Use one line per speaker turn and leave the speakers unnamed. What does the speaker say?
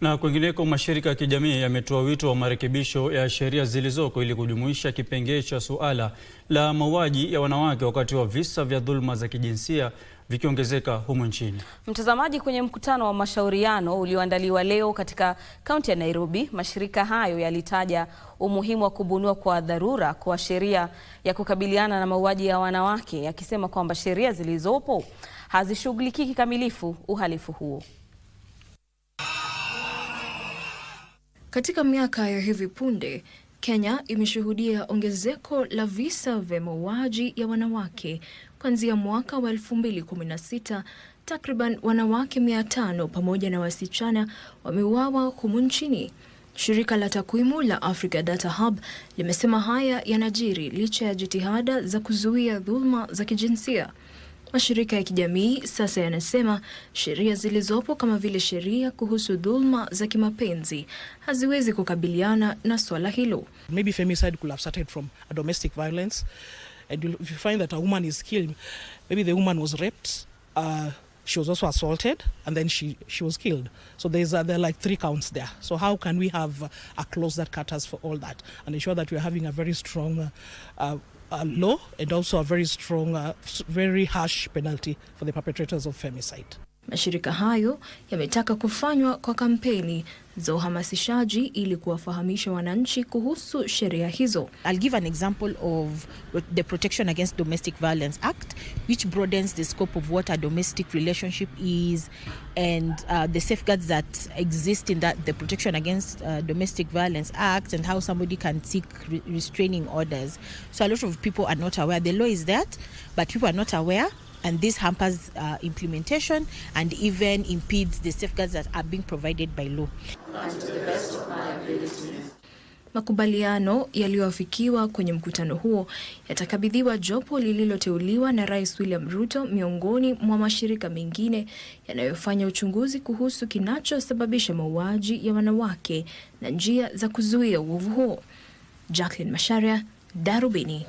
Na kwingineko, mashirika ya kijamii yametoa wito wa marekebisho ya sheria zilizoko ili kujumuisha kipengee cha suala la mauaji ya wanawake wakati wa visa vya dhuluma za kijinsia vikiongezeka humu nchini.
Mtazamaji, kwenye mkutano wa mashauriano ulioandaliwa leo katika kaunti ya Nairobi, mashirika hayo yalitaja umuhimu wa kubuniwa kwa dharura kwa sheria ya kukabiliana na mauaji ya wanawake, yakisema kwamba sheria zilizopo hazishughulikii kikamilifu uhalifu huo.
Katika miaka ya hivi punde, Kenya imeshuhudia ongezeko la visa vya mauaji ya wanawake. Kuanzia mwaka wa 2016, takriban wanawake 500 pamoja na wasichana wameuawa humu nchini. Shirika la takwimu la Africa Data Hub limesema haya yanajiri licha ya jitihada za kuzuia dhuluma za kijinsia. Mashirika ya kijamii sasa yanasema sheria zilizopo kama vile sheria kuhusu dhulma za kimapenzi haziwezi kukabiliana na swala hilo.
Maybe femicide could have started from a domestic violence and if you find that a woman is killed maybe the woman was raped uh, she was also assaulted and then she, she was killed. So there's, uh, there are like three counts there. So how can we have a clause that caters for all that and ensure that we're having a very strong uh, uh, law and also a very strong, uh, very harsh penalty for the perpetrators of femicide.
Mashirika hayo yametaka kufanywa kwa kampeni za uhamasishaji ili kuwafahamisha wananchi kuhusu sheria hizo.
I'll give an example of the Protection Against Domestic Violence Act which broadens the scope of what a domestic relationship is and uh, the safeguards that exist in that the Protection Against uh, Domestic Violence Act and how somebody can seek re- restraining orders. So a lot of people are not aware. The law is that, but people are not aware and this hampers uh, implementation and even impedes the safeguards that are being provided by law.
Makubaliano yaliyoafikiwa kwenye mkutano huo yatakabidhiwa jopo lililoteuliwa na Rais William Ruto miongoni mwa mashirika mengine yanayofanya uchunguzi kuhusu kinachosababisha mauaji ya wanawake na njia za kuzuia uovu huo. Jacqueline Masharia, Darubini.